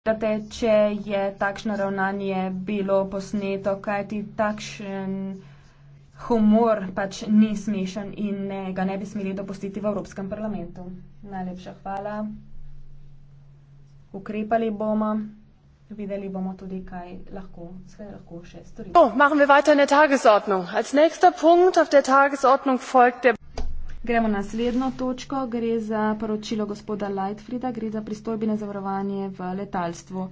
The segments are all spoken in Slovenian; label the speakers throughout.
Speaker 1: Pitate, če je takšno ravnanje bilo posneto, kajti takšen humor pač ni smešen in ne, ga ne bi smeli dopustiti v Evropskem parlamentu. Najlepša hvala. Ukrepali bomo. So, oh, machen wir weiter in der Tagesordnung. Als nächster Punkt auf der Tagesordnung folgt der Gremo na naslednjo točko. Gre za poročilo gospoda Lightfrida, gre za pristojbine zavarovanje v letalstvu.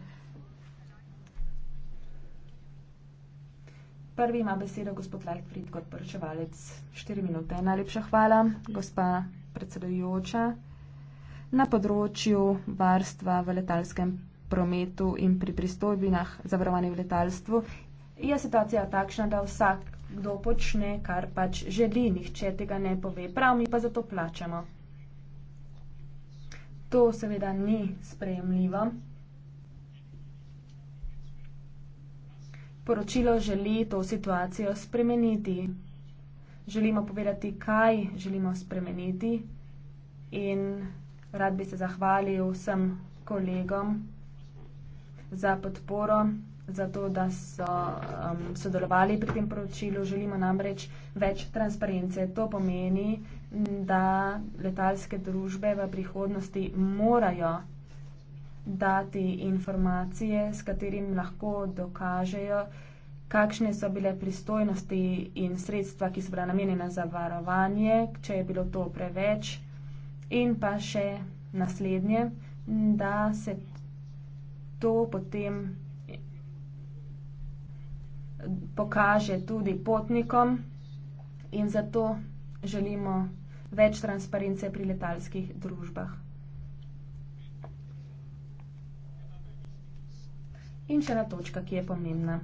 Speaker 1: Prvi ima besedo gospod Lightfrid kot poročevalec. Štiri minute. Najlepša hvala, gospa predsedujoča. Na področju varstva v letalskem prometu in pri pristojbinah zavarovanje v letalstvu je situacija takšna, da vsak kdo počne, kar pač želi, nihče tega ne pove, prav mi pa za to plačamo. To seveda ni sprejemljivo. Poročilo želi to situacijo spremeniti. Želimo povedati, kaj želimo spremeniti in rad bi se zahvalil vsem kolegom za podporo zato, da so um, sodelovali pri tem poročilu. Želimo namreč več transparence. To pomeni, da letalske družbe v prihodnosti morajo dati informacije, s katerim lahko dokažejo, kakšne so bile pristojnosti in sredstva, ki so bila namenjena za varovanje, če je bilo to preveč. In pa še naslednje, da se to potem pokaže tudi potnikom in zato želimo več transparence pri letalskih družbah. In še ena točka, ki je pomembna.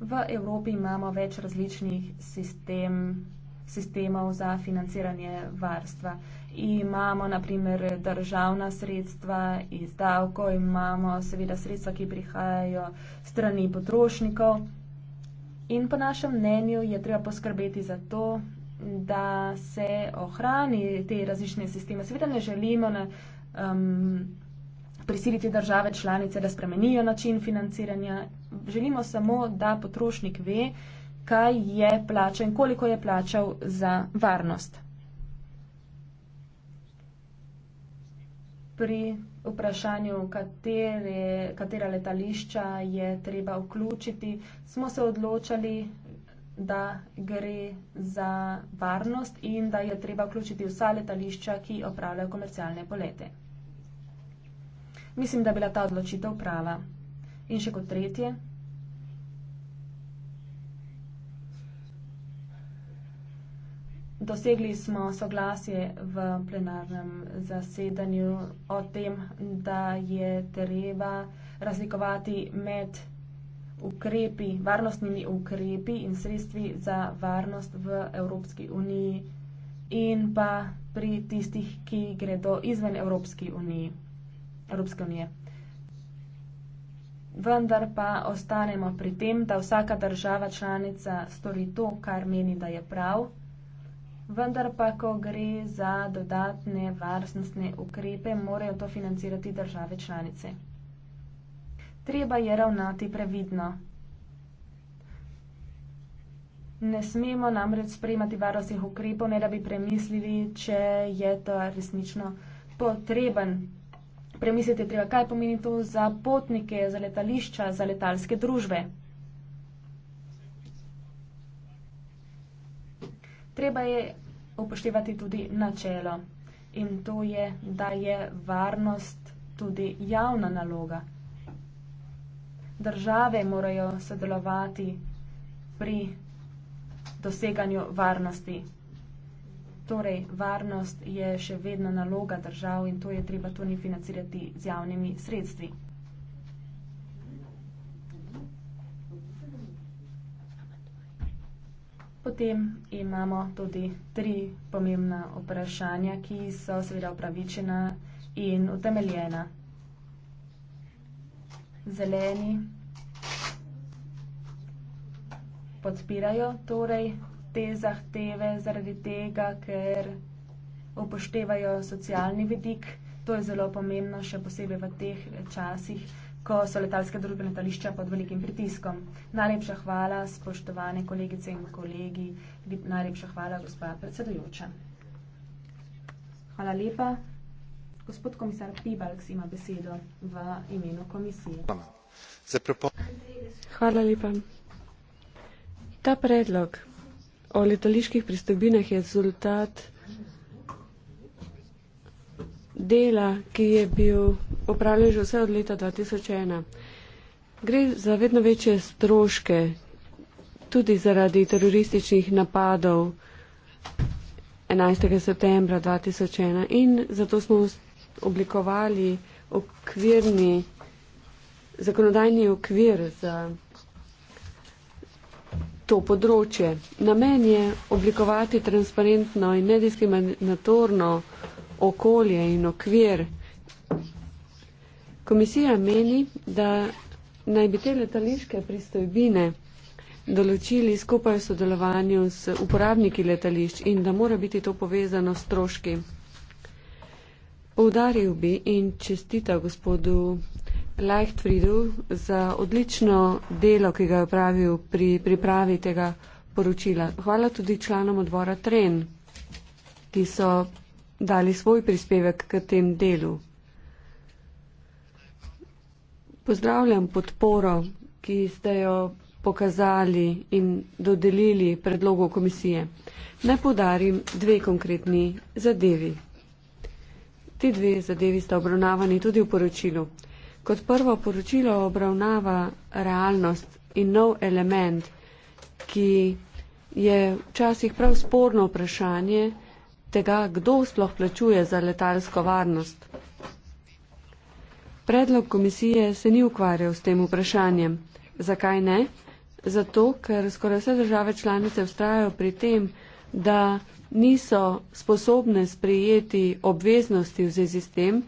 Speaker 1: V Evropi imamo več različnih sistemov sistemov za financiranje varstva. Imamo naprimer državna sredstva iz davko, imamo seveda sredstva, ki prihajajo strani potrošnikov. In po našem mnenju je treba poskrbeti za to, da se ohrani te različne sisteme. Seveda ne želimo ne, um, prisiliti države članice, da spremenijo način financiranja. Želimo samo, da potrošnik ve, kaj je plačal in koliko je plačal za varnost. Pri vprašanju, katere, katera letališča je treba vključiti, smo se odločali, da gre za varnost in da je treba vključiti vsa letališča, ki opravljajo komercialne polete. Mislim, da je bila ta odločitev prava. In še kot tretje, dosegli smo soglasje v plenarnem zasedanju o tem, da je treba razlikovati med ukrepi, varnostnimi ukrepi in sredstvi za varnost v Evropski uniji in pa pri tistih, ki gredo izven Evropski uniji, Evropske unije. Vendar pa ostanemo pri tem, da vsaka država članica stori to, kar meni, da je prav vendar pa, ko gre za dodatne varnostne ukrepe, morajo to financirati države članice. Treba je ravnati previdno. Ne smemo namreč sprejemati varnostnih ukrepov, ne da bi premislili, če je to resnično potreben. Premisliti je treba, kaj pomeni to za potnike, za letališča, za letalske družbe. Treba je upoštevati tudi načelo. In to je, da je varnost tudi javna naloga. Države morajo sodelovati pri doseganju varnosti. Torej, varnost je še vedno naloga držav in to je treba tudi financirati z javnimi sredstvi. Potem imamo tudi tri pomembna vprašanja, ki so seveda upravičena in utemeljena. Zeleni podpirajo torej te zahteve zaradi tega, ker upoštevajo socialni vidik. To je zelo pomembno, še posebej v teh časih, ko so letalske družbe letališča pod velikim pritiskom. Najlepša hvala, spoštovane kolegice in kolegi, najlepša hvala, gospa predsedujoča. Hvala lepa. Gospod komisar Pibalks ima besedo v imenu komisije. Hvala lepa.
Speaker 2: Ta predlog o letaliških pristojbinah je rezultat dela, ki je bil opravljajo že vse od leta 2001. Gre za vedno večje stroške, tudi zaradi terorističnih napadov 11. septembra 2001 in zato smo oblikovali okvirni, zakonodajni okvir za to področje. Namen je oblikovati transparentno in nediskriminatorno okolje in okvir Komisija meni, da naj bi te letališke pristojbine določili skupaj v sodelovanju s uporabniki letališč in da mora biti to povezano s stroški. Poudaril bi in čestita gospodu Leichtfriedu za odlično delo, ki ga je upravil pri pripravi tega poročila. Hvala tudi članom odbora Tren, ki so dali svoj prispevek k tem delu. Pozdravljam podporo, ki ste jo pokazali in dodelili predlogu komisije. Naj podarim dve konkretni zadevi. Ti dve zadevi sta obravnavani tudi v poročilu. Kot prvo poročilo obravnava realnost in nov element, ki je včasih prav sporno vprašanje tega, kdo sploh plačuje za letalsko varnost. Predlog komisije se ni ukvarjal s tem vprašanjem. Zakaj ne? Zato, ker skoraj vse države članice ustrajajo pri tem, da niso sposobne sprijeti obveznosti v zvezi s tem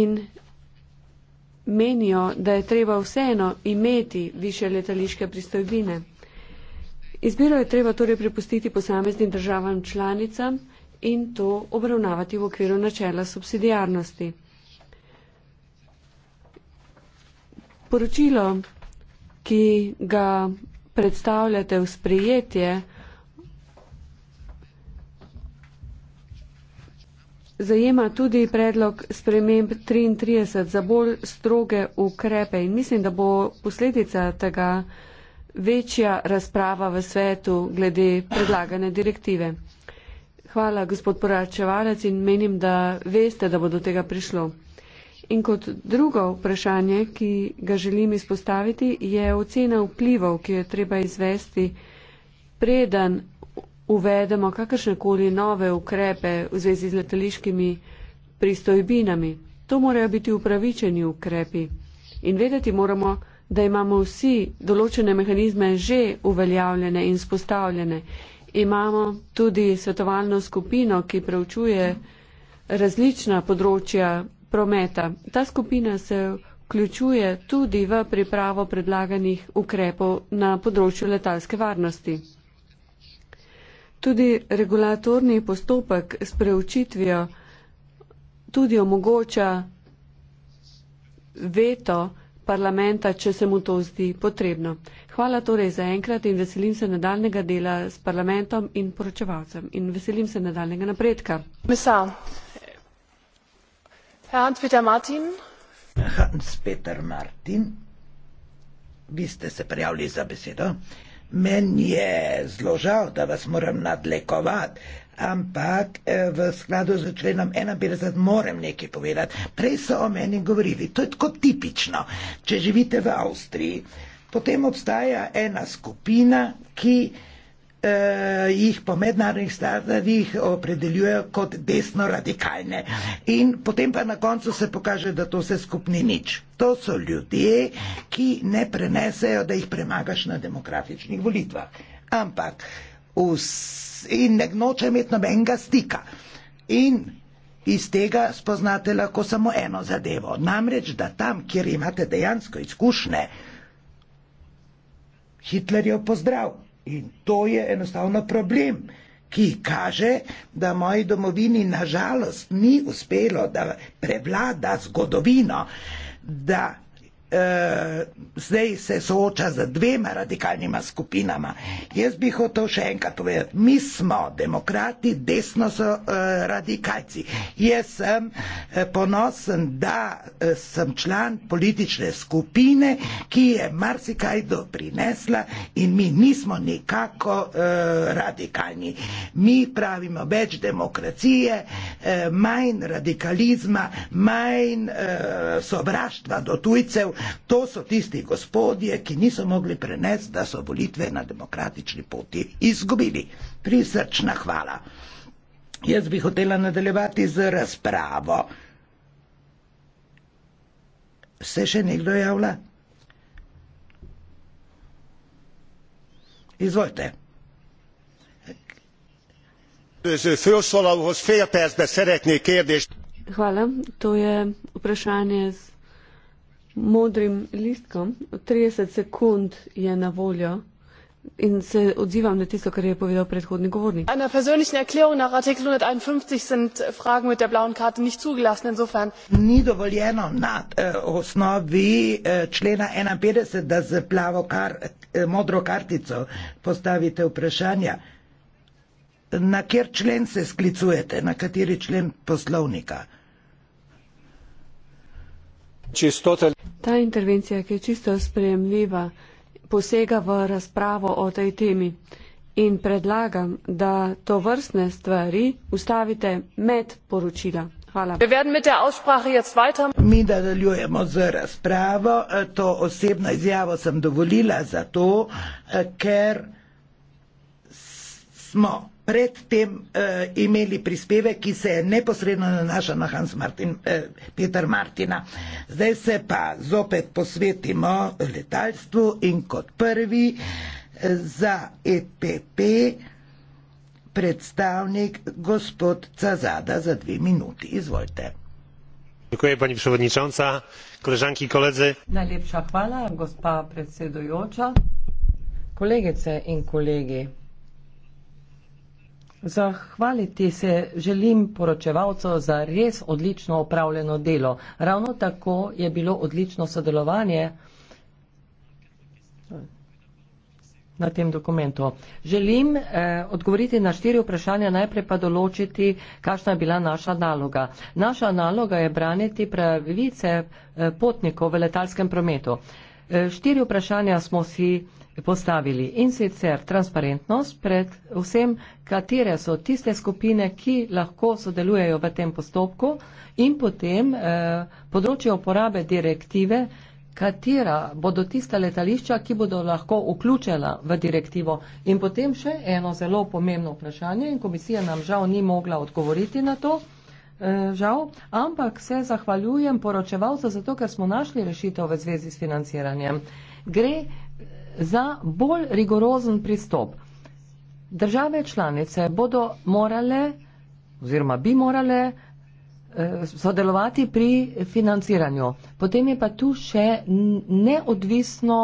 Speaker 2: in menijo, da je treba vseeno imeti više letališke pristojbine. Izbiro je treba torej prepustiti posameznim državam članicam in to obravnavati v okviru načela subsidijarnosti. Poročilo, ki ga predstavljate v sprejetje, zajema tudi predlog sprememb 33 za bolj stroge ukrepe in mislim, da bo posledica tega večja razprava v svetu glede predlagane direktive. Hvala, gospod poračevalec, in menim, da veste, da bo do tega prišlo. In kot drugo vprašanje, ki ga želim izpostaviti, je ocena vplivov, ki jo treba izvesti, preden uvedemo kakršnekoli nove ukrepe v zvezi z letališkimi pristojbinami. To morajo biti upravičeni ukrepi. In vedeti moramo, da imamo vsi določene mehanizme že uveljavljene in spostavljene. Imamo tudi svetovalno skupino, ki preučuje različna področja prometa. Ta skupina se vključuje tudi v pripravo predlaganih ukrepov na področju letalske varnosti. Tudi regulatorni postopek s preučitvijo tudi omogoča veto, parlamenta, če se mu to zdi potrebno. Hvala torej za enkrat in veselim se nadaljnega dela s parlamentom in poročevalcem in veselim se nadaljnega napredka. Hans-Peter
Speaker 1: Martin.
Speaker 3: Hans-Peter Martin, vi ste se prijavili za besedo. Meni je zelo žal, da vas moram nadlekovati ampak eh, v skladu z členom 51 moram nekaj povedati. Prej so o meni govorili, to je tako tipično, če živite v Avstriji. Potem obstaja ena skupina, ki eh, jih po mednarodnih standardih opredeljuje kot desno radikalne. In potem pa na koncu se pokaže, da to vse skupni nič. To so ljudje, ki ne prenesejo, da jih premagaš na demokratičnih volitvah. Ampak Vsi ne noče imeti nobenega stika. In iz tega spoznate lahko samo eno zadevo. Namreč, da tam, kjer imate dejansko izkušnje, Hitler je pozdrav. In to je enostavno problem, ki kaže, da moji domovini nažalost ni uspelo, da prevlada zgodovino, da eh, zdaj se sooča z dvema radikalnima skupinama. Jaz bi hotel še enkrat povedati, mi smo demokrati, desno so eh, radikalci. Jaz sem eh, ponosen, da eh, sem član politične skupine, ki je marsikaj doprinesla in mi nismo nekako eh, radikalni. Mi pravimo več demokracije, eh, manj radikalizma, manj eh, sovraštva do tujcev, To so tisti gospodje, ki niso mogli prenesti, da so volitve na demokratični poti izgubili. Prisrčna hvala. Jaz bi hotela nadaljevati z razpravo. Se še nekdo javlja? Izvolite.
Speaker 2: Hvala. To je vprašanje z modrim listkom, 30 sekund je na voljo. In se odzivam na tisto, kar je povedal predhodni govornik. Na osebni erklärung nach Artikel 151 sind äh, Fragen mit der blauen Karte nicht zugelassen, insofern. Ni dovoljeno
Speaker 3: na eh, äh, osnovi eh, člena 51, da z plavo kar, eh, modro kartico postavite vprašanja. Na kjer člen se sklicujete, na kateri člen poslovnika?
Speaker 1: čistote.
Speaker 2: Ta intervencija, ki je čisto sprejemljiva, posega v razpravo o tej temi. In predlagam, da to vrstne stvari ustavite med poročila. Hvala.
Speaker 3: Mi nadaljujemo z razpravo. To osebno izjavo sem dovolila zato, ker smo predtem eh, imeli prispevek, ki se je neposredno nanašal na Hans Martin, eh, Peter Martina. Zdaj se pa zopet posvetimo letalstvu in kot prvi eh, za EPP predstavnik gospod Cazada za dve minuti. Izvolite. Dziękuję pani przewodnicząca, koleżanki i koledzy. Najlepsza
Speaker 4: chwała, gospa predsedująca, kolegice i kolegi. Zahvaliti se želim poročevalcu za res odlično opravljeno delo. Ravno tako je bilo odlično sodelovanje na tem dokumentu. Želim eh, odgovoriti na štiri vprašanja, najprej pa določiti, kakšna je bila naša naloga. Naša naloga je braniti pravice eh, potnikov v letalskem prometu. Eh, Štiri vprašanja smo si postavili in sicer transparentnost pred vsem, katere so tiste skupine, ki lahko sodelujejo v tem postopku in potem eh, področje uporabe direktive, katera bodo tista letališča, ki bodo lahko vključena v direktivo. In potem še eno zelo pomembno vprašanje in komisija nam žal ni mogla odgovoriti na to. Eh, žal, ampak se zahvaljujem poročevalcu zato, ker smo našli rešitev v zvezi s financiranjem. Gre eh, za bolj rigorozen pristop. Države članice bodo morale oziroma bi morale eh, sodelovati pri financiranju. Potem je pa tu še neodvisno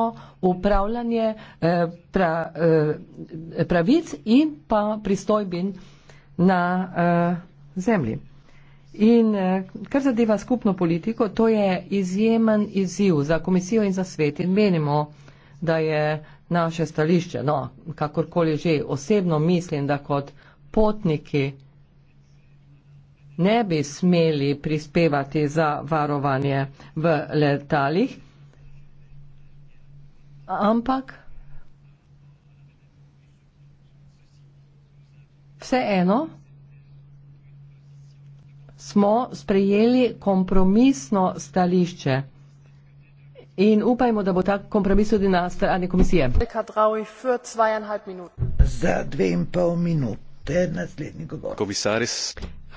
Speaker 4: upravljanje pra, pravic in pa pristojbin na zemlji. In eh, kar zadeva skupno politiko, to je izjemen izziv za komisijo in za svet. In menimo, da je naše stališče, no, kakorkoli že, osebno mislim, da kot potniki ne bi smeli prispevati za varovanje v letalih, ampak vseeno smo sprejeli kompromisno stališče. In upajmo, da bo ta kompromis tudi na strani komisije.
Speaker 3: Za dve in pol minute naslednji govor.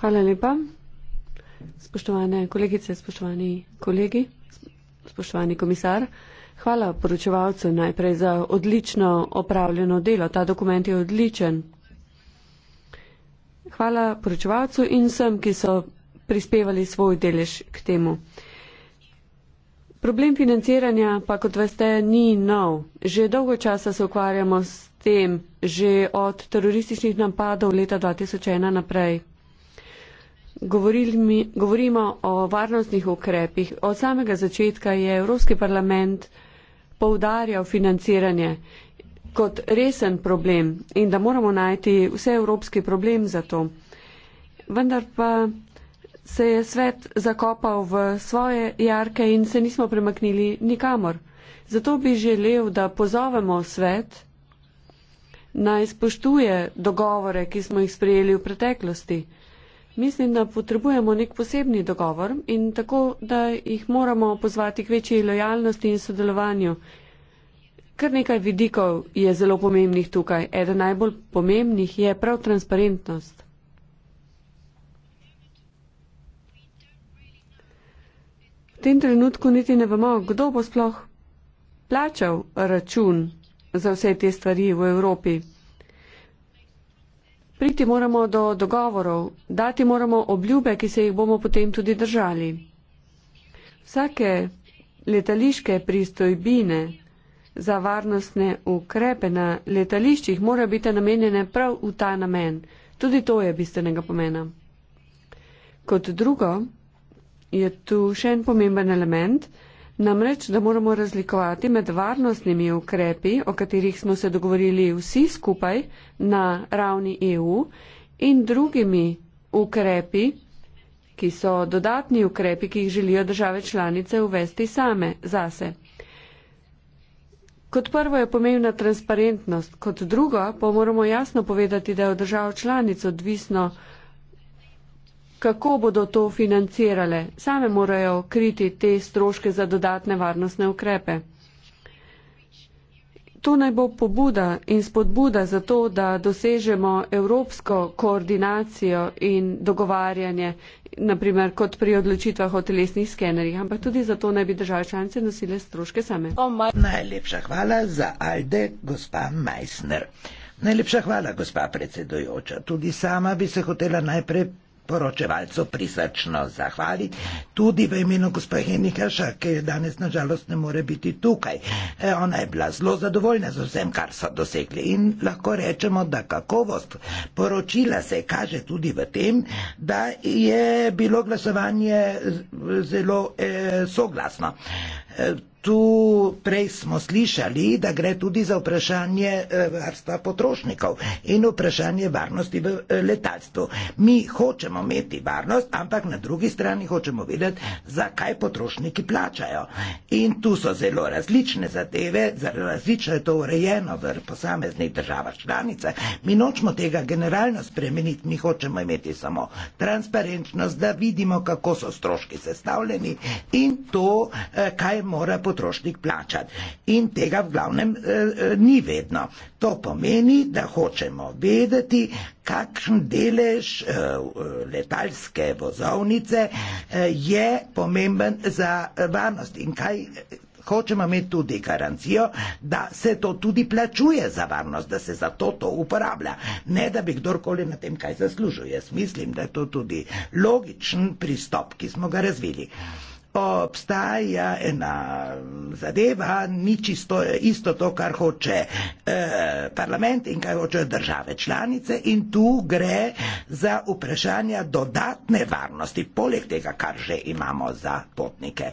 Speaker 3: Hvala lepa.
Speaker 2: Spoštovane kolegice, spoštovani kolegi, spoštovani komisar. Hvala poročevalcu najprej za odlično opravljeno delo. Ta dokument je odličen. Hvala poročevalcu in vsem, ki so prispevali svoj delež k temu. Problem financiranja pa, kot veste, ni nov. Že dolgo časa se ukvarjamo s tem, že od terorističnih napadov leta 2001 naprej. Mi, govorimo o varnostnih ukrepih. Od samega začetka je Evropski parlament poudarjal financiranje kot resen problem in da moramo najti vse evropski problem za to. Vendar pa se je svet zakopal v svoje jarke in se nismo premaknili nikamor. Zato bi želel, da pozovemo svet naj spoštuje dogovore, ki smo jih sprejeli v preteklosti. Mislim, da potrebujemo nek posebni dogovor in tako, da jih moramo pozvati k večji lojalnosti in sodelovanju. Kar nekaj vidikov je zelo pomembnih tukaj. Eden najbolj pomembnih je prav transparentnost. tem trenutku niti ne vemo, kdo bo sploh plačal račun za vse te stvari v Evropi. Priti moramo do dogovorov, dati moramo obljube, ki se jih bomo potem tudi držali. Vsake letališke pristojbine za varnostne ukrepe na letališčih mora biti namenjene prav v ta namen. Tudi to je bistvenega pomena. Kot drugo, je tu še en pomemben element, namreč, da moramo razlikovati med varnostnimi ukrepi, o katerih smo se dogovorili vsi skupaj na ravni EU, in drugimi ukrepi, ki so dodatni ukrepi, ki jih želijo države članice uvesti same zase. Kot prvo je pomembna transparentnost, kot drugo pa moramo jasno povedati, da je od držav članic odvisno, kako bodo to financirale. Same morajo kriti te stroške za dodatne varnostne ukrepe. To naj bo pobuda in spodbuda za to, da dosežemo evropsko koordinacijo in dogovarjanje, naprimer kot pri odločitvah o telesnih skenerjih, ampak tudi za to naj bi države članice nosile stroške same. Oh Najlepša
Speaker 3: hvala za Alde, gospa Meissner. Najlepša hvala, gospa predsedujoča. Tudi sama bi se hotela najprej poročevalcu prisrčno zahvaliti, tudi v imenu gospe Henikaša, ki je danes nažalost ne more biti tukaj. E, ona je bila zelo zadovoljna z vsem, kar so dosegli in lahko rečemo, da kakovost poročila se kaže tudi v tem, da je bilo glasovanje zelo e, soglasno. E, Tu prej smo slišali, da gre tudi za vprašanje eh, varstva potrošnikov in vprašanje varnosti v eh, letalstvu. Mi hočemo imeti varnost, ampak na drugi strani hočemo vedeti, zakaj potrošniki plačajo. In tu so zelo različne zadeve, zelo različno je to urejeno v posameznih državah članice. Mi nočemo tega generalno spremeniti, mi hočemo imeti samo transparentnost, da vidimo, kako so stroški sestavljeni in to, eh, kaj mora potrošnik potrošnik plačati. In tega v glavnem e, ni vedno. To pomeni, da hočemo vedeti, kakšen delež e, letalske vozovnice e, je pomemben za varnost in kaj. Hočemo imeti tudi garancijo, da se to tudi plačuje za varnost, da se za to to uporablja. Ne, da bi kdorkoli na tem kaj zaslužil. Jaz mislim, da je to tudi logičen pristop, ki smo ga razvili obstaja ena zadeva, ni čisto isto to, kar hoče eh, parlament in kaj hočejo države članice in tu gre za vprašanja dodatne varnosti, poleg tega, kar že imamo za potnike.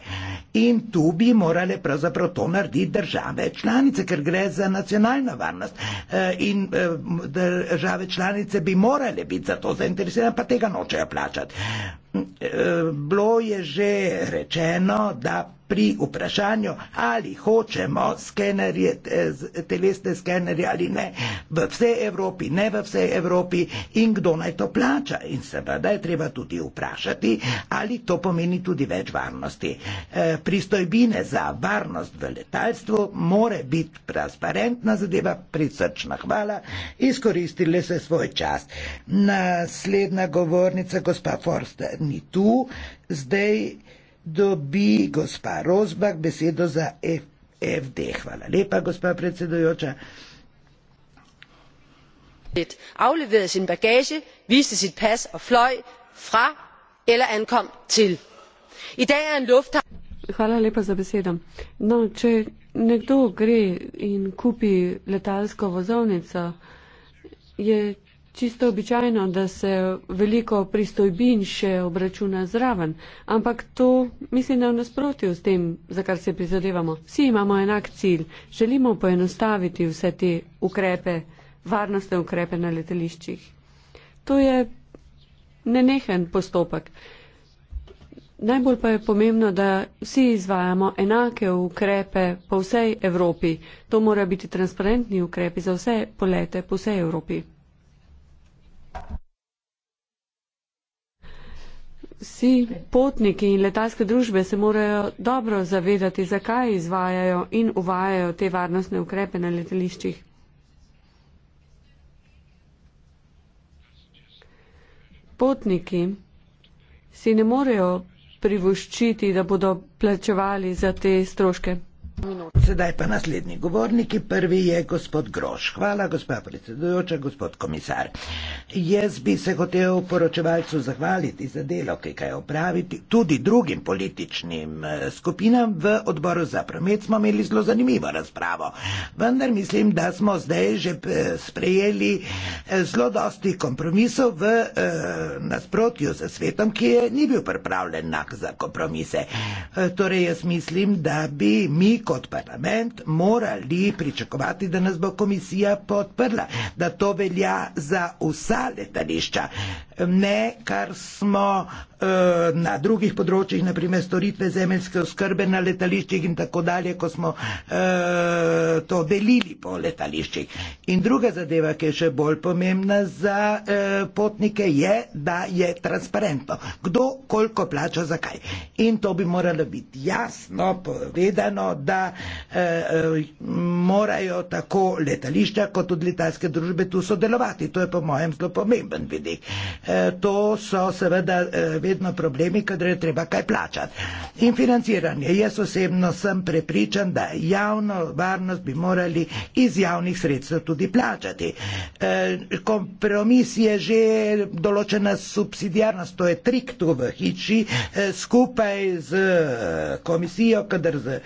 Speaker 3: In tu bi morale pravzaprav to narediti države članice, ker gre za nacionalno varnost eh, in eh, države članice bi morale biti za to zainteresirane, pa tega nočejo plačati. Eh, bilo je že rečeno, da pri vprašanju, ali hočemo skenerje, telesne skenerje ali ne, v vsej Evropi, ne v vsej Evropi in kdo naj to plača. In seveda je treba tudi vprašati, ali to pomeni tudi več varnosti. E, pristojbine za varnost v letalstvu more biti transparentna zadeva, prisrčna hvala, izkoristili se svoj čas. Naslednja govornica, gospa Forster, ni tu. Zdaj, dobi gospa Rozbak besedo za FD. Hvala lepa, gospa predsedujoča.
Speaker 2: Afleverede sin bagage, viste sit pas og fløj fra eller ankom til. I dag er en lufthavn. Hvala lepa za besedo. No, če nekdo gre in kupi letalsko vozovnico, je čisto običajno, da se veliko pristojbin še obračuna zraven, ampak to mislim, da je v nasprotju s tem, za kar se prizadevamo. Vsi imamo enak cilj, želimo poenostaviti vse te ukrepe, varnostne ukrepe na letališčih. To je nenehen postopek. Najbolj pa je pomembno, da vsi izvajamo enake ukrepe po vsej Evropi. To mora biti transparentni ukrepi za vse polete po vsej Evropi. vsi potniki in letalske družbe se morajo dobro zavedati, zakaj izvajajo in uvajajo te varnostne ukrepe na letališčih. Potniki si ne morejo privoščiti, da bodo plačevali za te stroške
Speaker 3: minut. Sedaj pa naslednji govorniki. Prvi je gospod Groš. Hvala, gospa predsedujoča, gospod komisar. Jaz bi se hotel poročevalcu zahvaliti za delo, ki ga je opraviti, tudi drugim političnim eh, skupinam. V odboru za promet smo imeli zelo zanimivo razpravo, vendar mislim, da smo zdaj že eh, sprejeli eh, zelo dosti kompromisov v nasprotju z svetom, ki je, ni bil pripravljen za kompromise. Torej, jaz mislim, da bi mi kot parlament morali pričakovati, da nas bo komisija podprla, da to velja za vsa letališča ne, kar smo eh, na drugih področjih, naprimer storitve zemeljske oskrbe na letališčih in tako dalje, ko smo eh, to delili po letališčih. In druga zadeva, ki je še bolj pomembna za eh, potnike, je, da je transparentno, kdo koliko plača, zakaj. In to bi moralo biti jasno povedano, da morajo tako letališča kot tudi letalske družbe tu sodelovati. To je po mojem zelo pomemben vidik. Eh, to so seveda eh, vedno problemi, kadar je treba kaj plačati. In financiranje. Jaz osebno sem prepričan, da javno varnost bi morali iz javnih sredstev tudi plačati. Eh, kompromis je že določena subsidijarnost, to je trik tu v hiči, skupaj z komisijo, kadar z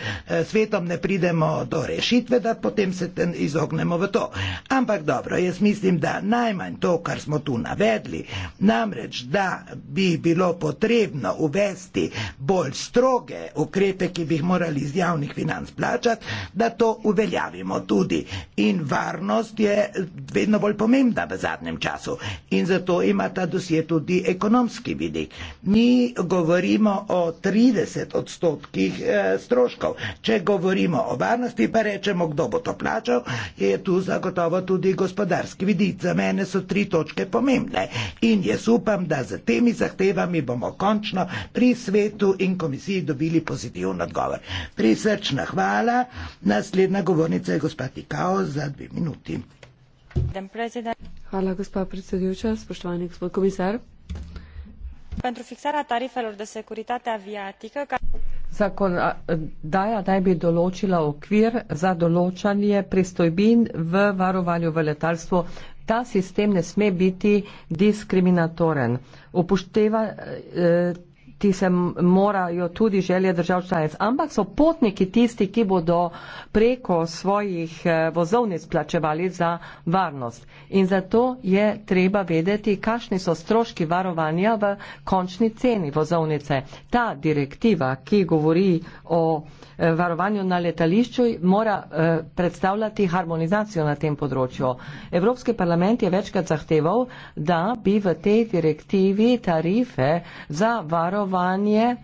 Speaker 3: svetom ne pridemo do rešitve, da potem se izognemo v to. Ampak dobro, jaz mislim, da najmanj to, kar smo tu navedli, Namreč, da bi bilo potrebno uvesti bolj stroge ukrepe, ki bi jih morali iz javnih financ plačati, da to uveljavimo tudi. In varnost je vedno bolj pomembna v zadnjem času. In zato ima ta dosje tudi ekonomski vidik. Mi govorimo o 30 odstotkih eh, stroškov. Če govorimo o varnosti, pa rečemo, kdo bo to plačal, je tu zagotovo tudi gospodarski vidik. Za mene so tri točke pomembne. In jaz upam, da z temi zahtevami bomo končno pri svetu in komisiji dobili pozitiven odgovor. Prisrčna hvala. Naslednja govornica je gospa Tikao za dve minuti.
Speaker 2: Hvala, gospa predsedujoča. Spoštovani gospod komisar.
Speaker 4: Zakon daja naj bi določila okvir za določanje pristojbin v varovanju v letalstvu Ta sistem ne sme biti diskriminatoren. Upošteva eh, ti se morajo tudi želje držav članic, ampak so potniki tisti, ki bodo preko svojih eh, vozovnic plačevali za varnost. In zato je treba vedeti, kakšni so stroški varovanja v končni ceni vozovnice. Ta direktiva, ki govori o eh, varovanju na letališču, mora eh, predstavljati harmonizacijo na tem področju. Evropski parlament je večkrat zahteval, da bi v tej direktivi tarife za varovanje stanovanje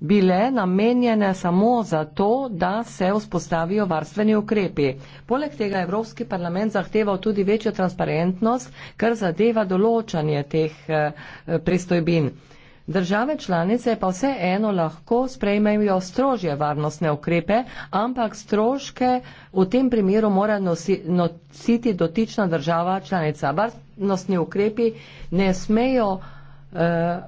Speaker 4: bile namenjene samo za to, da se vzpostavijo varstveni ukrepi. Poleg tega je Evropski parlament zahteval tudi večjo transparentnost, kar zadeva določanje teh eh, pristojbin. Države članice pa vse eno lahko sprejmejo strožje varnostne ukrepe, ampak stroške v tem primeru mora nosi, nositi dotična država članica. Varnostni ukrepi ne smejo Eh,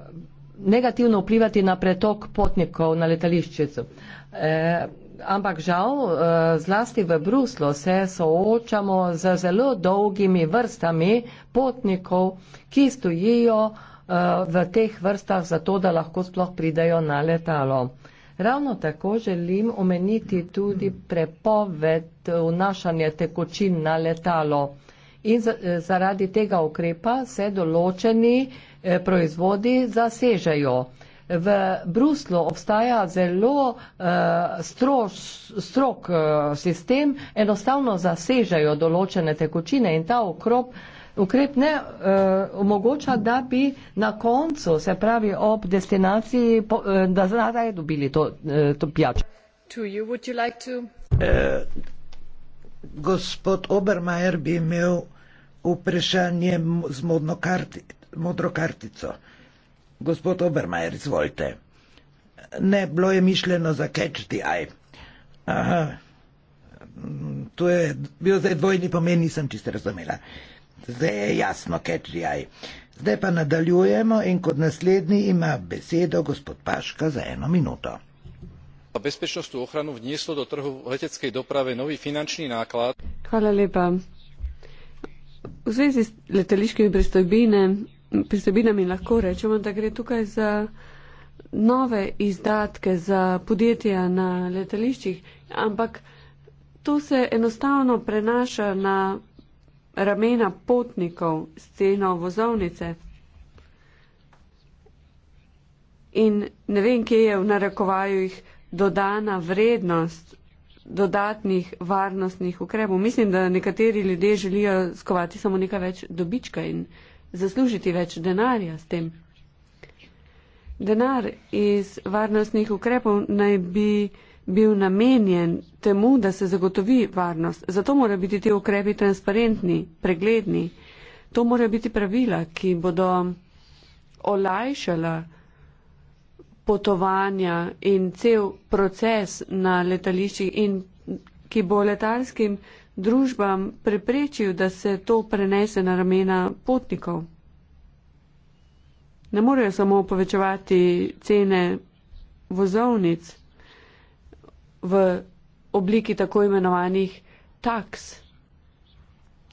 Speaker 4: negativno vplivati na pretok potnikov na letališčicu. Eh, ampak žal, eh, zlasti v Bruslu se soočamo z zelo dolgimi vrstami potnikov, ki stojijo v teh vrstah zato, da lahko sploh pridejo na letalo. Ravno tako želim omeniti tudi prepoved vnašanja tekočin na letalo. In zaradi tega ukrepa se določeni eh, Eh, proizvodi zasežejo. V Bruslu obstaja zelo uh, strož, strok uh, eh, sistem, enostavno zasežejo določene tekočine in ta okrop, ukrep ne uh, omogoča, da bi na koncu, se pravi ob destinaciji, po, uh, da
Speaker 3: zraje dobili to, uh, to pijačo.
Speaker 2: Like to...
Speaker 3: uh, gospod Obermajer bi imel vprašanje z modno kartico modro kartico. Gospod Obermajer, izvolite. Ne, bilo je mišljeno za catch-ti aj. Aha, tu je bil zdaj dvojni pomen, nisem čisto razumela. Zdaj je jasno, catch-ti aj. Zdaj pa nadaljujemo in kot naslednji ima besedo gospod Paška za eno minuto.
Speaker 1: Do trhu novi
Speaker 2: hvala lepa. V zvezi z letališkimi pristojbinami Pristebinami lahko rečemo, da gre tukaj za nove izdatke za podjetja na letališčih, ampak to se enostavno prenaša na ramena potnikov s ceno vozovnice. In ne vem, kje je v narekovaju jih dodana vrednost dodatnih varnostnih ukrepov. Mislim, da nekateri ljudje želijo skovati samo nekaj več dobička in zaslužiti več denarja s tem. Denar iz varnostnih ukrepov naj bi bil namenjen temu, da se zagotovi varnost. Zato morajo biti ti ukrepi transparentni, pregledni. To morajo biti pravila, ki bodo olajšala potovanja in cel proces na letališčih in ki bo letalskim družbam preprečil, da se to prenese na ramena potnikov. Ne morejo samo povečevati cene vozovnic v obliki tako imenovanih taks,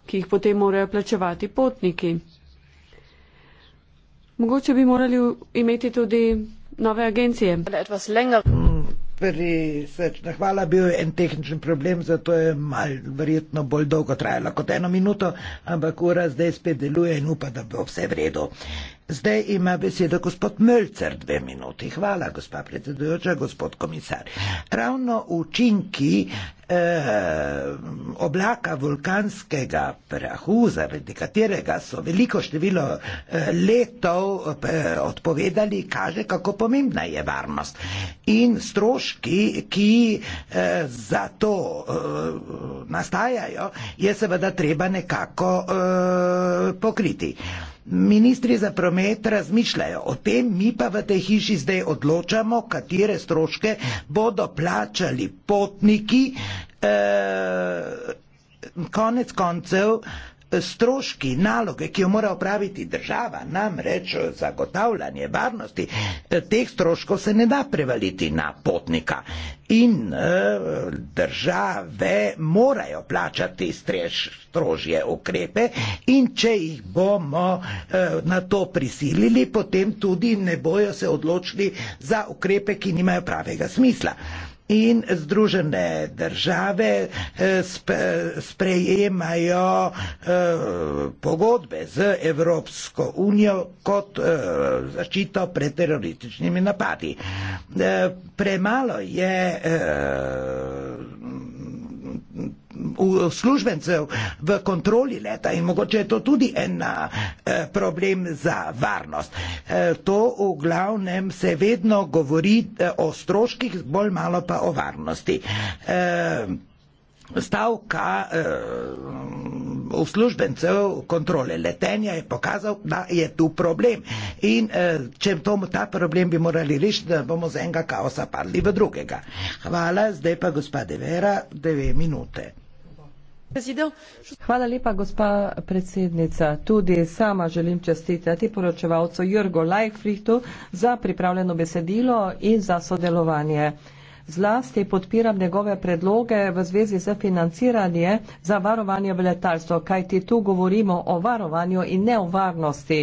Speaker 2: ki jih potem morajo plačevati potniki. Mogoče bi morali imeti tudi nove agencije
Speaker 3: prisrčna hvala. Bil je en tehničen problem, zato je mal verjetno bolj dolgo trajalo kot eno minuto, ampak ura zdaj spet deluje in upa, da bo vse v redu. Zdaj ima besedo gospod Mölcer dve minuti. Hvala, gospa predsedujoča, gospod komisar. Ravno učinki eh, oblaka vulkanskega prahu, zaradi katerega so veliko število eh, letov eh, odpovedali, kaže, kako pomembna je varnost. In stroški, ki eh, za to eh, nastajajo, je seveda treba nekako eh, pokriti. Ministri za promet razmišljajo o tem, mi pa v tej hiši zdaj odločamo, katere stroške bodo plačali potniki. Eh, konec koncev eh, stroški, naloge, ki jo mora opraviti država, namreč zagotavljanje varnosti, eh, teh stroškov se ne da prevaliti na potnika. In eh, države morajo plačati strožje ukrepe in če jih bomo eh, na to prisilili, potem tudi ne bojo se odločili za ukrepe, ki nimajo pravega smisla in Združene države eh, sprejemajo eh, pogodbe z Evropsko unijo kot eh, zaščito pred terorističnimi napadi. Premalo je uslužbencev v kontroli leta in mogoče je to tudi en e, problem za varnost. E, to v glavnem se vedno govori e, o stroških, bolj malo pa o varnosti stavka eh, uslužbencev kontrole letenja je pokazal, da je tu problem. In eh, če to, ta problem bi morali rešiti, da bomo z enega kaosa padli v drugega. Hvala, zdaj pa gospa Devera, dve minute.
Speaker 4: Hvala lepa, gospa predsednica. Tudi sama želim čestitati poročevalcu Jurgu Lajfrihtu za pripravljeno besedilo in za sodelovanje zlasti podpiram njegove predloge v zvezi z financiranje za varovanje v letalstvo, kajti tu govorimo o varovanju in ne o varnosti.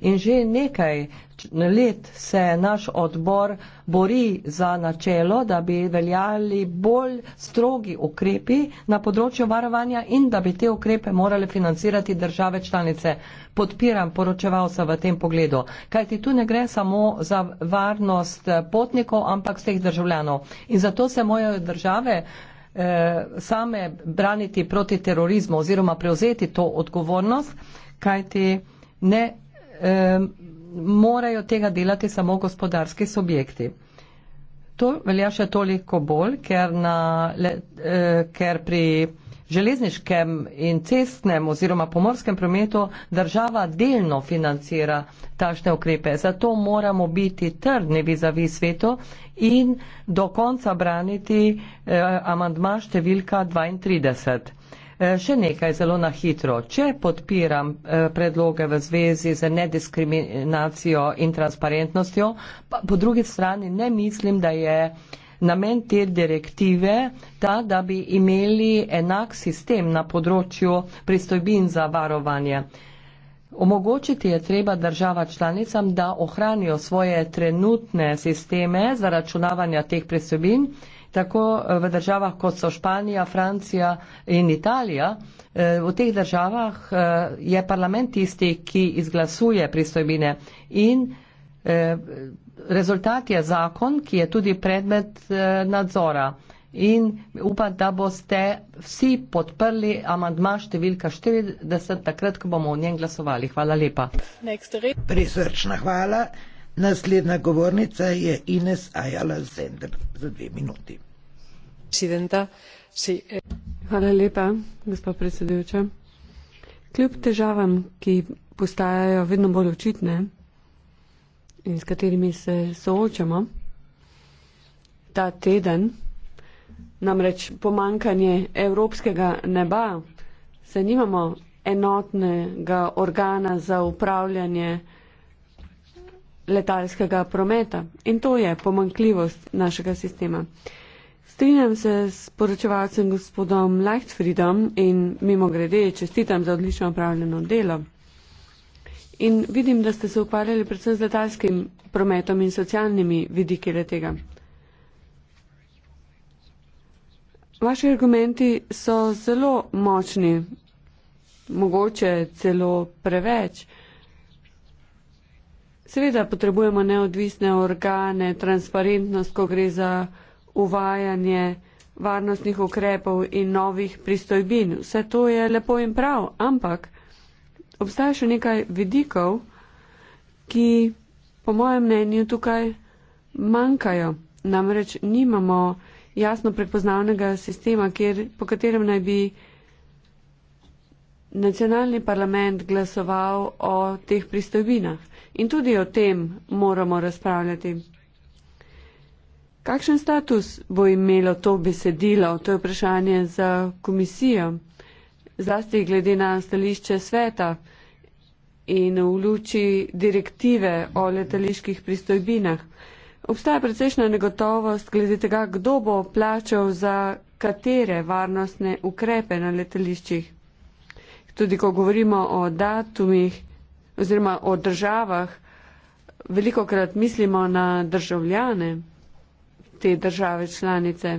Speaker 4: In že nekaj let se naš odbor bori za načelo, da bi veljali bolj strogi ukrepi na področju varovanja in da bi te ukrepe morali financirati države članice. Podpiram poročevalca v tem pogledu, kajti tu ne gre samo za varnost potnikov, ampak vseh državljanov. In zato se mojo države eh, same braniti proti terorizmu oziroma prevzeti to odgovornost, kajti ne morajo tega delati samo gospodarski subjekti. To velja še toliko bolj, ker, na, le, eh, ker pri železniškem in cestnem oziroma pomorskem prometu država delno financira tašne ukrepe. Zato moramo biti trdni vizavi svetu in do konca braniti eh, amandma številka 32. Eh, še nekaj zelo na hitro. Če podpiram eh, predloge v zvezi z nediskriminacijo in transparentnostjo, pa po drugi strani ne mislim, da je namen te direktive ta, da bi imeli enak sistem na področju pristojbin za varovanje. Omogočiti je treba država članicam, da ohranijo svoje trenutne sisteme za računavanje teh pristojbin tako eh, v državah, kot so Španija, Francija in Italija. Eh, v teh državah eh, je parlament tisti, ki izglasuje pristojbine in rezultat je zakon, ki je tudi predmet nadzora. In upam, da boste vsi podprli amandma številka 40, takrat, ko bomo o njem glasovali. Hvala lepa.
Speaker 3: Prisrčna hvala. Naslednja govornica je Ines Ajala Zender za dve minuti. Eh. Hvala
Speaker 2: lepa, gospa predsedujoča. Kljub težavam, ki postajajo vedno bolj očitne in s katerimi se soočamo ta teden, namreč pomankanje evropskega neba, se nimamo enotnega organa za upravljanje letalskega prometa in to je pomankljivost našega sistema. Strinjam se s poročevalcem gospodom Leichtfriedom in mimo grede čestitam za odlično upravljeno delo. In vidim, da ste se ukvarjali predvsem z letalskim prometom in socialnimi vidiki letega. Vaši argumenti so zelo močni, mogoče celo preveč. Seveda potrebujemo neodvisne organe, transparentnost, ko gre za uvajanje varnostnih ukrepov in novih pristojbin. Vse to je lepo in prav, ampak obstaja še nekaj vidikov, ki po mojem mnenju tukaj manjkajo. Namreč nimamo jasno prepoznavnega sistema, kjer, po katerem naj bi nacionalni parlament glasoval o teh pristojbinah. In tudi o tem moramo razpravljati. Kakšen status bo imelo to besedilo? To je vprašanje za komisijo. Zlasti glede na stališče sveta in v luči direktive o letaliških pristojbinah. Obstaja precejšna negotovost glede tega, kdo bo plačal za katere varnostne ukrepe na letališčih. Tudi ko govorimo o datumih oziroma o državah, veliko krat mislimo na državljane te države članice,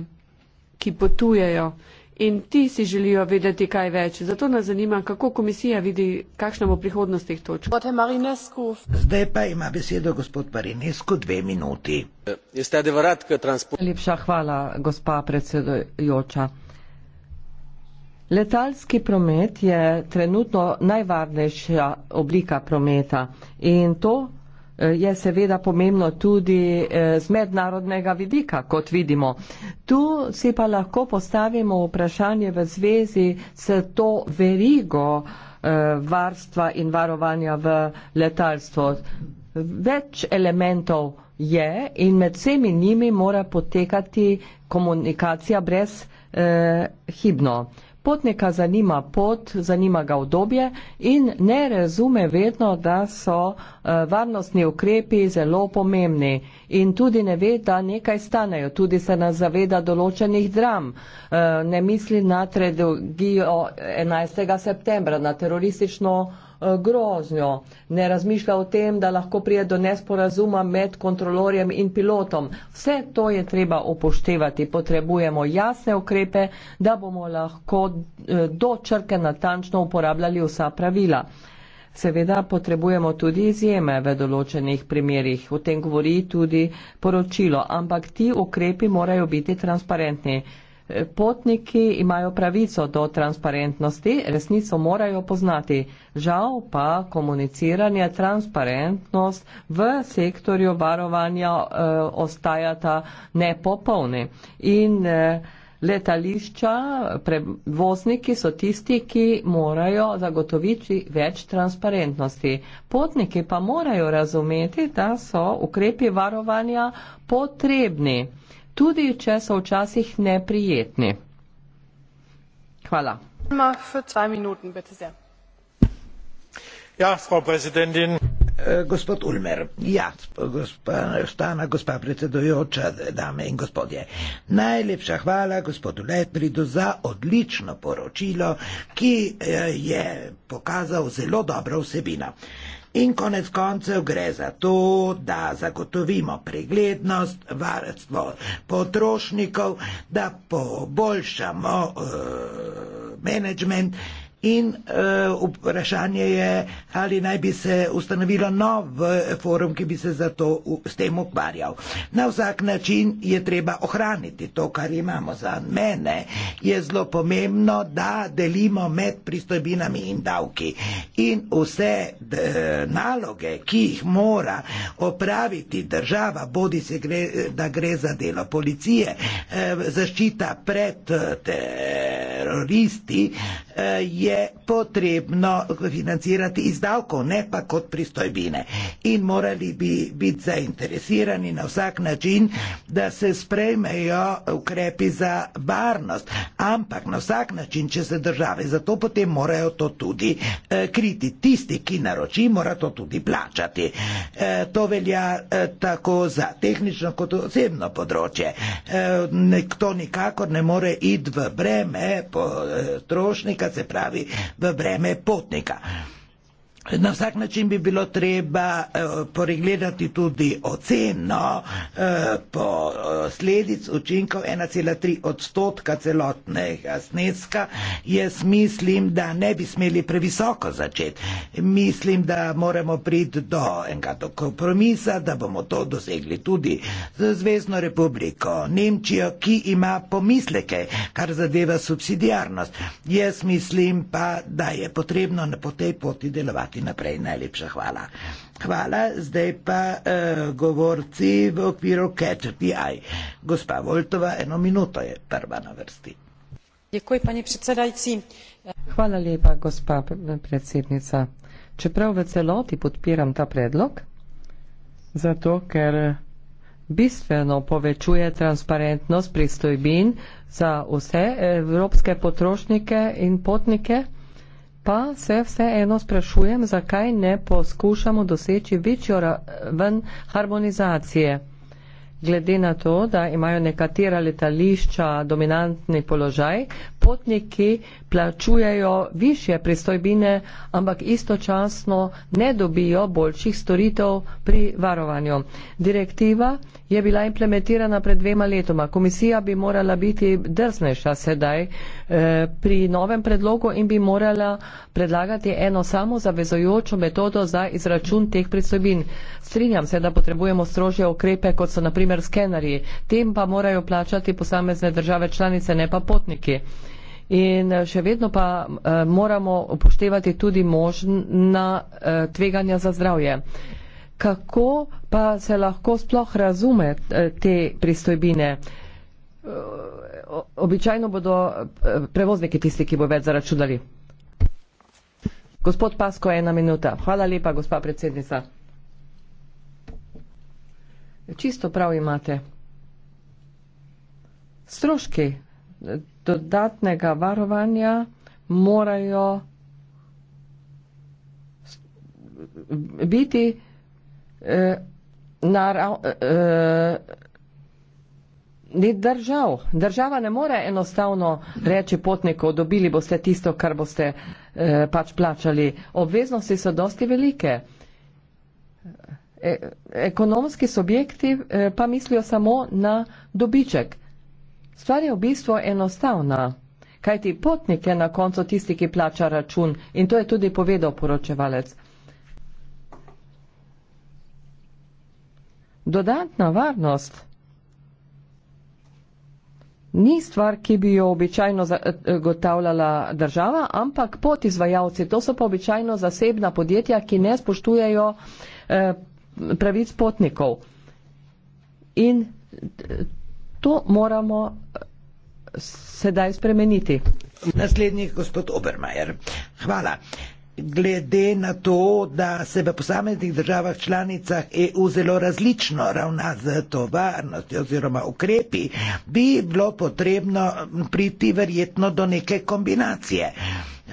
Speaker 2: ki potujejo in ti si želijo vedeti kaj več. Zato nas zanima, kako komisija vidi, kakšna bo prihodnost teh točk.
Speaker 3: Zdaj pa ima besedo gospod Marinescu dve minuti. Lepša hvala, gospa predsedojoča.
Speaker 4: Letalski promet je trenutno najvarnejša oblika prometa in to je seveda pomembno tudi eh, z mednarodnega vidika, kot vidimo. Tu si pa lahko postavimo vprašanje v zvezi s to verigo eh, varstva in varovanja v letalstvu. Več elementov je in med vsemi njimi mora potekati komunikacija brezhibno. Eh, Potnika zanima pot, zanima ga obdobje in ne razume vedno, da so eh, varnostni ukrepi zelo pomembni in tudi ne ve, da nekaj stanejo, tudi se nas zaveda določenih dram. Eh, ne misli na tragedijo 11. septembra, na teroristično Eh, grožnjo, ne razmišlja o tem, da lahko prije do nesporazuma med kontrolorjem in pilotom. Vse to je treba upoštevati. Potrebujemo jasne ukrepe, da bomo lahko eh, do črke natančno uporabljali vsa pravila. Seveda potrebujemo tudi izjeme v določenih primerjih. O tem govori tudi poročilo, ampak ti ukrepi morajo biti transparentni potniki imajo pravico do transparentnosti, resnico morajo poznati. Žal pa komuniciranje, transparentnost v sektorju varovanja e, ostajata nepopolni. In e, letališča, prevozniki so tisti, ki morajo zagotoviti več transparentnosti. Potniki pa morajo razumeti, da so ukrepi varovanja potrebni. E, tudi če so včasih neprijetni. Hvala.
Speaker 3: Ja, eh, gospod Ulmer, ja, gospa Štana, gospa predsedojoča, dame in gospodje. Najlepša hvala gospodu Letridu za odlično poročilo, ki eh, je pokazal zelo dobro vsebino. In konec koncev gre za to, da zagotovimo preglednost, varstvo potrošnikov, da poboljšamo uh, management In uh, vprašanje je, ali naj bi se ustanovilo nov eh, forum, ki bi se za to u, s tem ukvarjal. Na vsak način je treba ohraniti to, kar imamo za mene. Je zelo pomembno, da delimo med pristojbinami in davki. In vse d, naloge, ki jih mora opraviti država, bodi se gre, da gre za delo policije, eh, zaščita pred eh, teroristi, eh, Eh, je potrebno financirati iz davkov, ne pa kot pristojbine. In morali bi biti zainteresirani na vsak način, da se sprejmejo ukrepi za varnost. Ampak na vsak način, če se države zato potem morajo to tudi eh, kriti. Tisti, ki naroči, mora to tudi plačati. Eh, to velja tako za tehnično kot osebno področje. Nekdo nikakor ne more iti v breme potrošnika, se pravi v breme potnika. Na vsak način bi bilo treba eh, pregledati tudi oceno eh, posledic učinkov 1,3 odstotka celotnega sneska. Jaz mislim, da ne bi smeli previsoko začeti. Mislim, da moramo priti do enega do kompromisa, da bomo to dosegli tudi z Zvezdno republiko Nemčijo, ki ima pomisleke, kar zadeva subsidijarnost. Jaz mislim pa, da je potrebno po tej poti delovati korakih naprej. Najlepša hvala. Hvala, zdaj pa uh, govorci v okviru CatGI. Gospa Voltova, eno minuto je prva na vrsti.
Speaker 1: Děkuji, paní předsedající.
Speaker 4: Hvala lepa, gospa predsednica. Čeprav v celoti podpiram ta predlog, zato ker bistveno povečuje transparentnost pristojbin za vse evropske potrošnike in potnike pa se vseeno sprašujem, zakaj ne poskušamo doseči večjo raven harmonizacije. Glede na to, da imajo nekatera letališča dominantni položaj, potniki plačujejo više pristojbine, ampak istočasno ne dobijo boljših storitev pri varovanju. Direktiva je bila implementirana pred dvema letoma. Komisija bi morala biti drznejša sedaj eh, pri novem predlogu in bi morala predlagati eno samo zavezojočo metodo za izračun teh pristojbin. Strinjam se, da potrebujemo strožje ukrepe, kot so naprimer skenerji. Tem pa morajo plačati posamezne države članice, ne pa potniki. In eh, še vedno pa eh, moramo upoštevati tudi možna eh, tveganja za zdravje. Kako pa se lahko sploh razume te pristojbine? Običajno bodo prevozniki tisti, ki bo več zaračunali. Gospod Pasko, ena minuta. Hvala lepa, gospa predsednica. Čisto prav imate. Stroški dodatnega varovanja morajo biti eh, narav, eh, ni eh, držav. Država ne more enostavno reči potniku, dobili boste tisto, kar boste eh, pač plačali. Obveznosti so dosti velike. E, ekonomski subjekti eh, pa mislijo samo na dobiček stvar je v bistvu enostavna. Kaj ti potnik je na koncu tisti, ki plača račun in to je tudi povedal poročevalec. Dodatna varnost ni stvar, ki bi jo običajno zagotavljala eh, država, ampak podizvajalci. To so pa običajno zasebna podjetja, ki ne spoštujejo eh, pravic potnikov. In
Speaker 3: To moramo eh, sedaj spremeniti. Naslednji, gospod Obermajer. Hvala. Glede na to, da se v posameznih državah članicah EU zelo različno ravna z tovarnostjo oziroma ukrepi, bi bilo potrebno priti verjetno do neke kombinacije.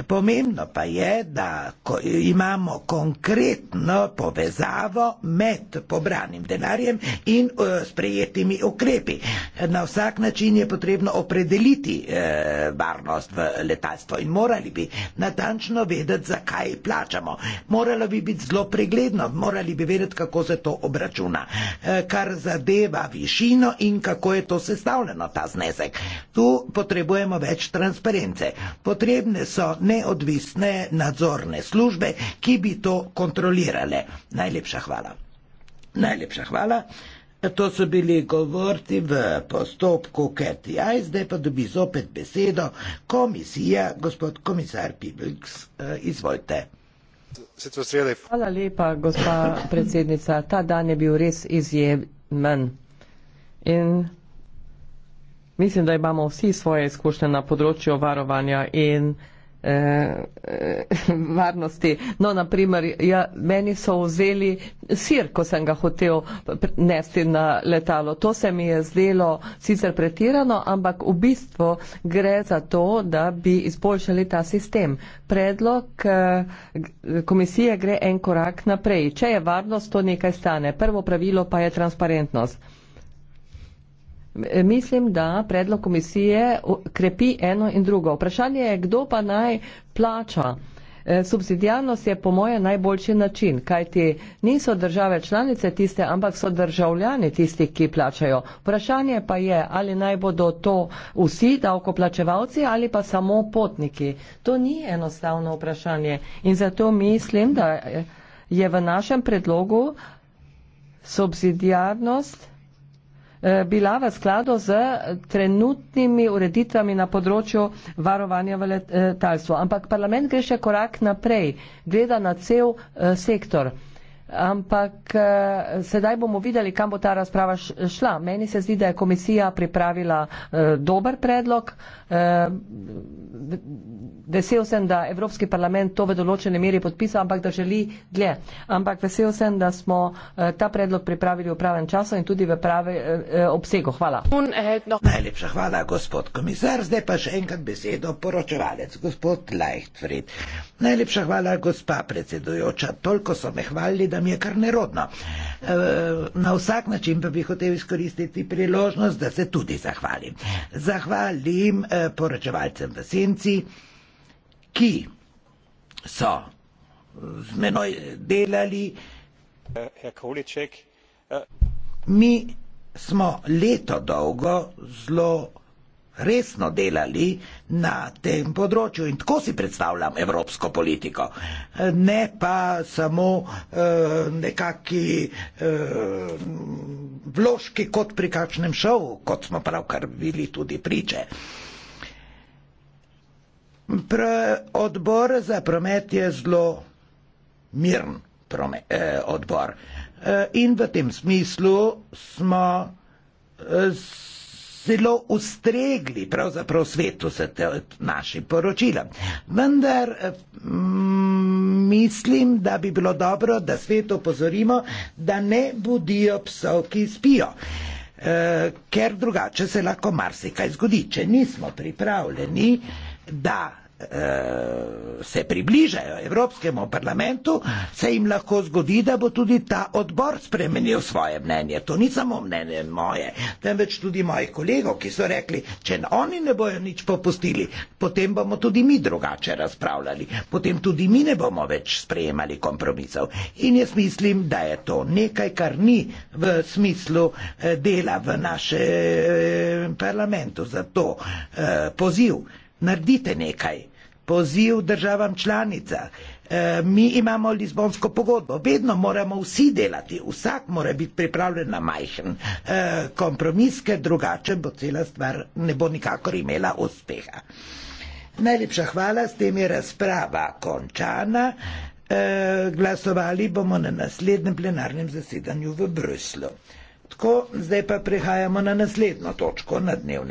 Speaker 3: Pomembno pa je, da imamo konkretno povezavo med pobranim denarjem in eh, sprejetimi ukrepi. Na vsak način je potrebno opredeliti eh, varnost v letalstvo in morali bi natančno vedeti, zakaj plačamo. Moralo bi biti zelo pregledno, morali bi vedeti, kako se to obračuna, eh, kar zadeva višino in kako je to sestavljeno, ta znesek. Tu potrebujemo več transparence neodvisne nadzorne službe, ki bi to kontrolirale. Najlepša hvala. Najlepša hvala. To so bili govorci v postopku Kerti Aj, zdaj pa dobi zopet besedo komisija, gospod komisar Pibliks. Eh, izvolite. Hvala lepa,
Speaker 4: gospa predsednica. Ta dan je bil res izjemen. In mislim, da imamo vsi svoje izkušnje na področju varovanja in Eh, eh, varnosti. No, naprimer, ja, meni so vzeli sir, ko sem ga hotel nesti na letalo. To se mi je zdelo sicer pretirano, ampak v bistvu gre za to, da bi izboljšali ta sistem. Predlog eh, komisije gre en korak naprej. Če je varnost, to nekaj stane. Prvo pravilo pa je transparentnost. Mislim, da predlog komisije krepi eno in drugo. Vprašanje je, kdo pa naj plača. E, subsidijarnost je po moje najboljši način, kajti niso države članice tiste, ampak so državljani tisti, ki plačajo. Vprašanje pa je, ali naj bodo to vsi davkoplačevalci ali pa samo potniki. To ni enostavno vprašanje in zato mislim, da je v našem predlogu subsidijarnost. Eh, bila v skladu z trenutnimi ureditvami na področju varovanja v letalstvu. Ampak parlament gre še korak naprej, gleda na cel eh, sektor. Ampak eh, sedaj bomo videli, kam bo ta razprava šla. Meni se zdi, da je komisija pripravila eh, dober predlog. Eh, vesel sem, da Evropski parlament to v določene meri podpisa, ampak da želi dlje. Ampak vesel sem, da smo ta predlog pripravili v pravem času in tudi v pravi obsegu. Hvala.
Speaker 3: Najlepša hvala, gospod komisar. Zdaj pa še enkrat besedo poročevalec, gospod Leichtfried. Najlepša hvala, gospa predsedujoča. Toliko so me hvalili, da da mi je kar nerodno. Ehm, na vsak način pa bi hotel izkoristiti priložnost, da se tudi zahvalim. Zahvalim eh, poročevalcem v Senci, ki so z menoj delali. Eh, mi smo leto dolgo zelo resno delali na tem področju in tako si predstavljam evropsko politiko. Ne pa samo eh, nekakšni eh, vložki kot pri kakšnem šovu, kot smo pravkar bili tudi priče. Pr odbor za promet je zelo mirn promet, eh, odbor eh, in v tem smislu smo eh, zelo ustregli pravzaprav svetu s našim poročilom. Vendar eh, mm, mislim, da bi bilo dobro, da svetu pozorimo, da ne budijo psov, ki spijo. E, ker drugače se lahko marsikaj zgodi, če nismo pripravljeni, da Eh, se približajo Evropskemu parlamentu, se jim lahko zgodi, da bo tudi ta odbor spremenil svoje mnenje. To ni samo mnenje moje, temveč tudi mojih kolegov, ki so rekli, če oni ne bojo nič popustili, potem bomo tudi mi drugače razpravljali, potem tudi mi ne bomo več sprejemali kompromisov. In jaz mislim, da je to nekaj, kar ni v smislu eh, dela v našem eh, parlamentu. Zato eh, poziv naredite nekaj. Poziv državam članica. E, mi imamo Lizbonsko pogodbo, vedno moramo vsi delati, vsak mora biti pripravljen na majhen e, kompromis, ker drugače bo cela stvar ne bo nikakor imela uspeha. Najlepša hvala, s tem je razprava končana. E, glasovali bomo na naslednjem plenarnem zasedanju v Bruslu. Tako, zdaj pa prehajamo na naslednjo točko na dnevne.